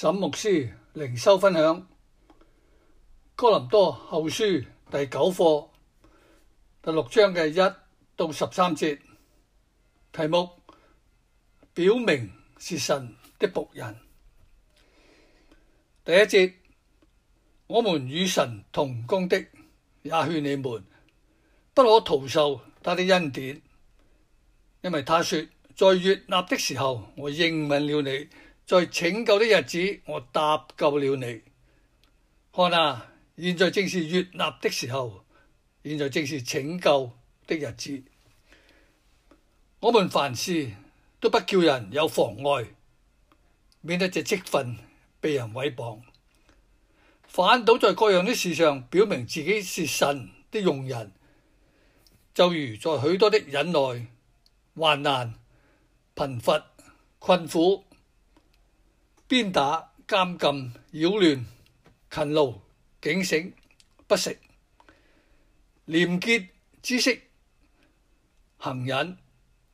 沈牧師靈修分享《哥林多後書》第九課第六章嘅一到十三節，題目表明是神的僕人。第一節，我們與神同工的，也勸你們不可徒受他的恩典，因為他說：在悅納的時候，我應允了你。在拯救的日子，我搭救了你。看啊，現在正是悅納的時候，現在正是拯救的日子。我們凡事都不叫人有妨礙，免得這職分被人毀謗。反倒在各樣的事上表明自己是神的用人，就如在許多的忍耐、患難、貧乏、困苦。鞭打、監禁、擾亂、勤勞、警醒、不食、廉潔、知識、恆忍、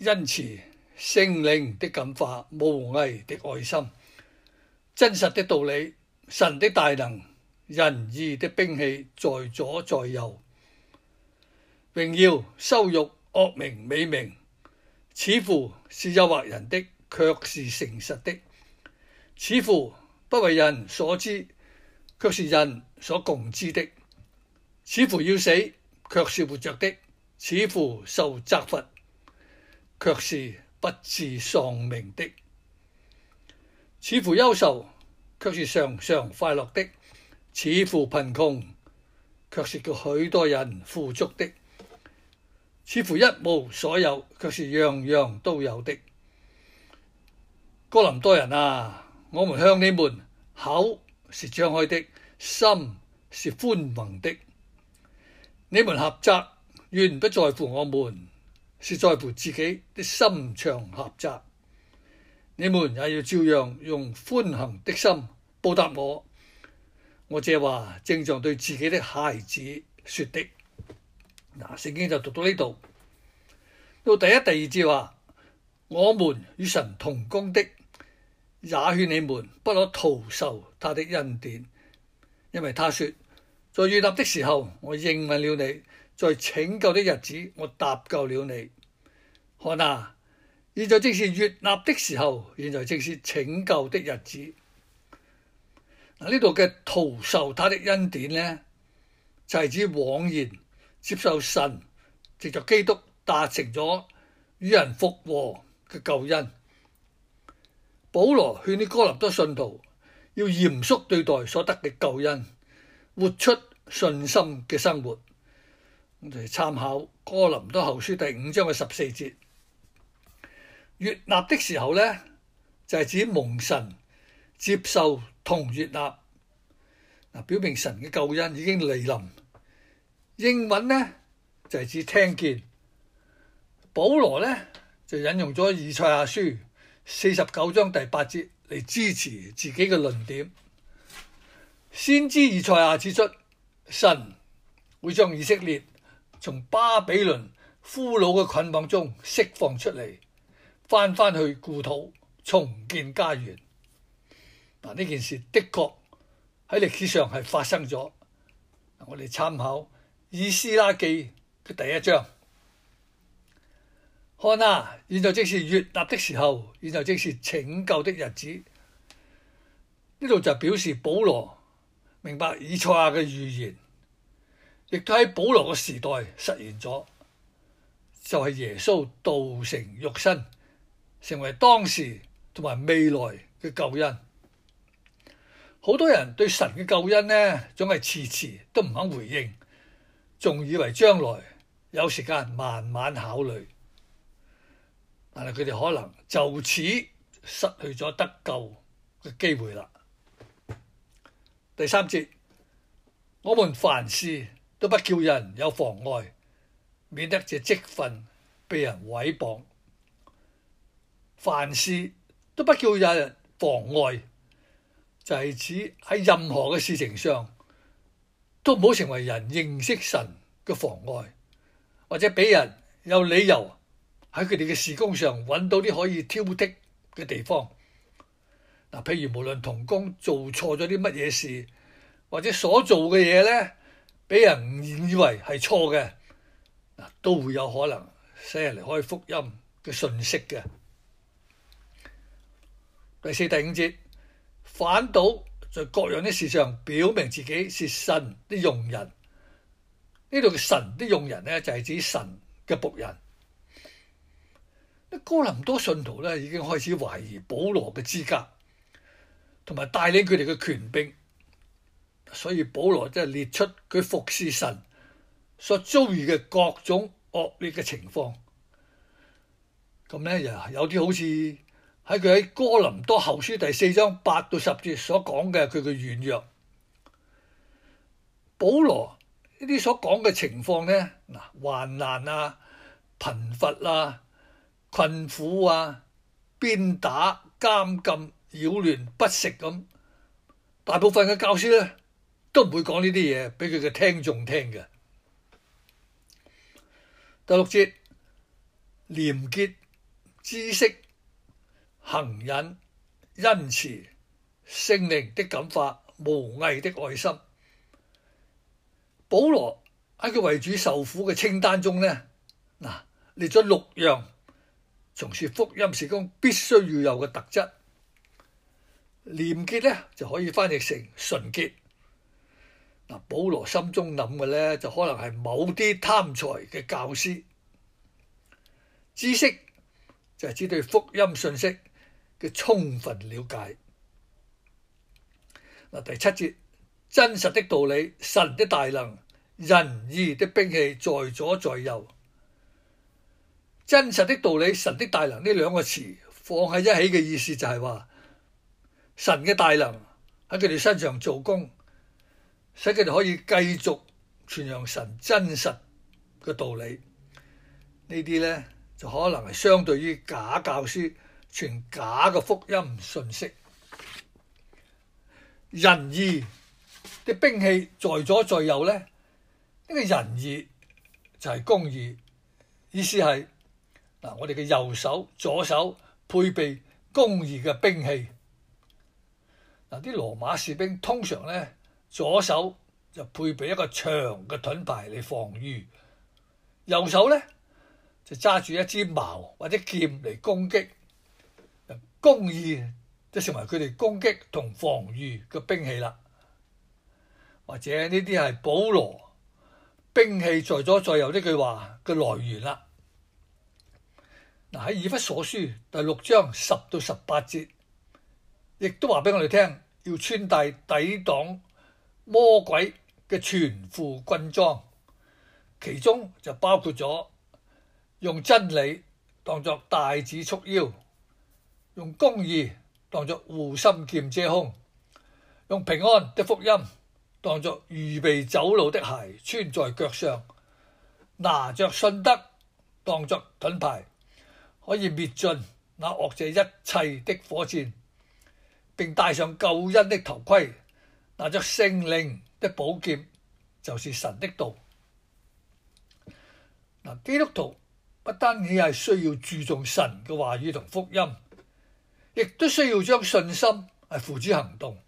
恩慈、聖靈的感化、無偽的愛心、真實的道理、神的大能、仁義的兵器，在左在右，榮耀、羞辱、惡名、美名，似乎是誘惑人的，却是誠實的。似乎不為人所知，卻是人所共知的；似乎要死，卻是活着的；似乎受責罰，卻是不致喪命的；似乎憂愁，卻是常常快樂的；似乎貧窮，卻是叫許多人富足的；似乎一無所有，卻是樣樣都有的。哥林多人啊！我們向你們口是張開的，心是寬宏的。你們狹窄，原不在乎我們，是在乎自己的心腸狹窄。你們也要照樣用寬宏的心報答我。我這話正像對自己的孩子說的。嗱，聖經就讀到呢度，到第一、第二節話，我們與神同工的。也勸你們不可徒受他的恩典，因為他說：在悅納的時候我應允了你，在拯救的日子我搭救了你。看啊，現在正是悅納的時候，現在正是拯救的日子。嗱，呢度嘅徒受他的恩典咧，就係、是、指枉然接受神藉著基督達成咗與人復和嘅救恩。保羅勸啲哥林多信徒要嚴肅對待所得嘅救恩，活出信心嘅生活。咁就參考哥林多後書第五章嘅十四節。悅納的時候咧，就係指蒙神接受同悅納，嗱，表明神嘅救恩已經嚟臨。英文咧就係指聽見。保羅咧就引用咗以賽亞書。四十九章第八節嚟支持自己嘅論點，先知以賽亞指出，神會將以色列從巴比倫俘虜嘅捆綁中釋放出嚟，翻翻去故土重建家園。嗱，呢件事的確喺歷史上係發生咗。我哋參考《以斯拉記》嘅第一章。看啦、啊，現在正是悅納的時候，現在正是拯救的日子。呢度就表示保羅明白以賽亞嘅預言，亦都喺保羅嘅時代實現咗，就係、是、耶穌道成肉身，成為當時同埋未來嘅救恩。好多人對神嘅救恩呢，總係遲遲都唔肯回應，仲以為將來有時間慢慢考慮。但係佢哋可能就此失去咗得救嘅機會啦。第三節，我們凡事都不叫人有妨礙，免得這職分被人毀謗。凡事都不叫有人妨礙，就係指喺任何嘅事情上都唔好成為人認識神嘅妨礙，或者俾人有理由喺佢哋嘅事工上揾到啲可以挑剔嘅地方，嗱，譬如無論童工做錯咗啲乜嘢事，或者所做嘅嘢咧，俾人誤以為係錯嘅，嗱，都會有可能使人離開福音嘅訊息。嘅。第四、第五節，反倒在各樣啲事上表明自己是神啲用人，呢度神啲用人咧就係指神嘅僕人。哥林多信徒咧已經開始懷疑保羅嘅資格，同埋帶領佢哋嘅權柄，所以保羅即係列出佢服侍神所遭遇嘅各種惡劣嘅情況。咁咧又有啲好似喺佢喺哥林多後書第四章八到十節所講嘅佢嘅軟弱。保羅呢啲所講嘅情況咧，嗱，患難啊、貧乏啦、啊。困苦啊，鞭打、監禁、擾亂、不食咁，大部分嘅教師咧都唔會講呢啲嘢俾佢嘅聽眾聽嘅。第六節，廉潔、知識、恆忍、恩慈、聖靈的感化、無偽的愛心。保羅喺佢為主受苦嘅清單中咧，嗱，列咗六樣。從事福音事工必須要有嘅特質，廉潔咧就可以翻譯成純潔。嗱，保羅心中諗嘅咧就可能係某啲貪財嘅教師，知識就係、是、指對福音信息嘅充分了解。嗱，第七節，真實的道理，神的大能，仁義的兵器，在左在右。真實的道理，神的大能，呢兩個詞放喺一起嘅意思就係話神嘅大能喺佢哋身上做工，使佢哋可以繼續傳揚神真實嘅道理呢。呢啲咧就可能係相對於假教師、傳假嘅福音信息，仁義啲兵器在左在右咧，呢、這個仁義就係公義，意思係。嗱，我哋嘅右手、左手配備公義嘅兵器。嗱，啲羅馬士兵通常咧，左手就配備一個長嘅盾牌嚟防禦，右手咧就揸住一支矛或者劍嚟攻擊。公義即成為佢哋攻擊同防禦嘅兵器啦。或者呢啲係保羅兵器在左在右呢句話嘅來源啦。喺《以弗所書》第六章十到十八節，亦都話俾我哋聽，要穿戴抵擋魔鬼嘅全副軍裝，其中就包括咗用真理當作帶子束腰，用公義當作護心劍遮胸，用平安的福音當作預備走路的鞋穿在腳上，拿着信德當作盾牌。可以滅盡那惡者一切的火箭，並戴上救恩的頭盔，拿着聖靈的寶劍，就是神的道。嗱，基督徒不單止係需要注重神嘅話語同福音，亦都需要將信心係付諸行動。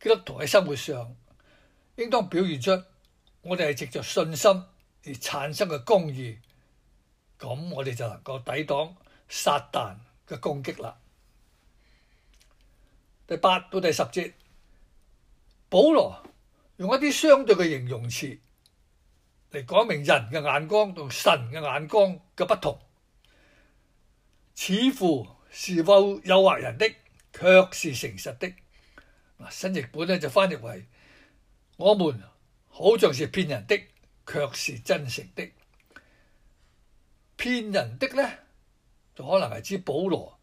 基督徒喺生活上，應當表現出我哋係藉着信心而產生嘅公義。咁我哋就能夠抵擋撒但嘅攻擊啦。第八到第十節，保羅用一啲相對嘅形容詞嚟講明人嘅眼光同神嘅眼光嘅不同。似乎是否誘惑人的，卻是誠實的。嗱，新譯本咧就翻譯為：我們好像是騙人的，卻是真誠的。騙人的咧，就可能係指保羅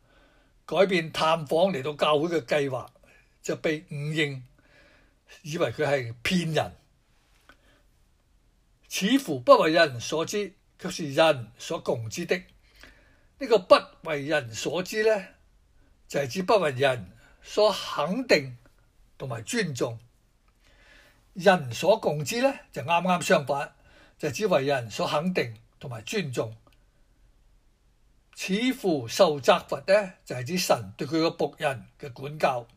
改變探訪嚟到教會嘅計劃就被誤認，以為佢係騙人。似乎不為人所知，卻是人所共知的。呢個不為人所知咧，就係指不為人所肯定同埋尊重；人所共知咧，就啱啱相反，就係指為人所肯定同埋尊重。似乎受責罰呢，就係指神對佢個僕人嘅管教，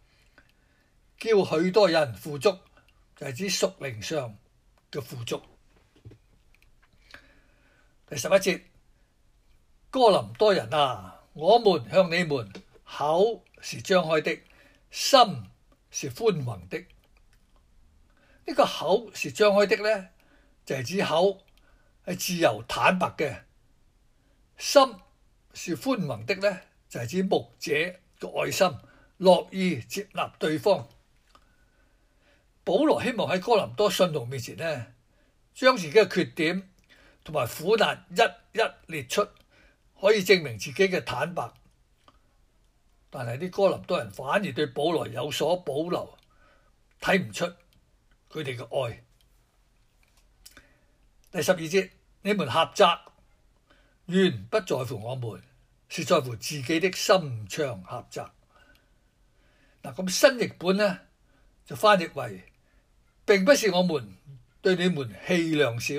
叫許多人富足，就係指屬靈上嘅富足。第十一節，哥林多人啊，我們向你們口是張開的，心是寬宏的。呢個口是張開的呢，就係指口係自由坦白嘅心。是寬宏的咧，就係、是、指牧者嘅愛心，樂意接納對方。保羅希望喺哥林多信徒面前呢，將自己嘅缺點同埋苦難一一列出，可以證明自己嘅坦白。但係啲哥林多人反而對保羅有所保留，睇唔出佢哋嘅愛。第十二節，你們狹窄，原不在乎我們。是在乎自己的心腸狹窄嗱。咁、啊、新譯本呢，就翻譯為：並不是我們對你們氣量少，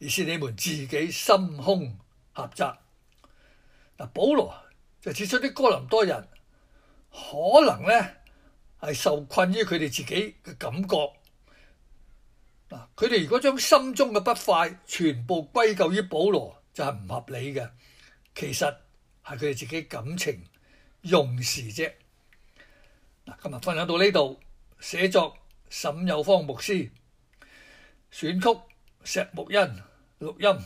而是你們自己心胸狹窄嗱、啊。保羅就指出啲哥林多人可能咧係受困於佢哋自己嘅感覺嗱。佢、啊、哋如果將心中嘅不快全部歸咎於保羅，就係、是、唔合理嘅。其實係佢哋自己感情用事啫。嗱，今日分享到呢度，寫作沈有芳牧師，選曲石木恩，錄音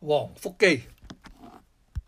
黃福基。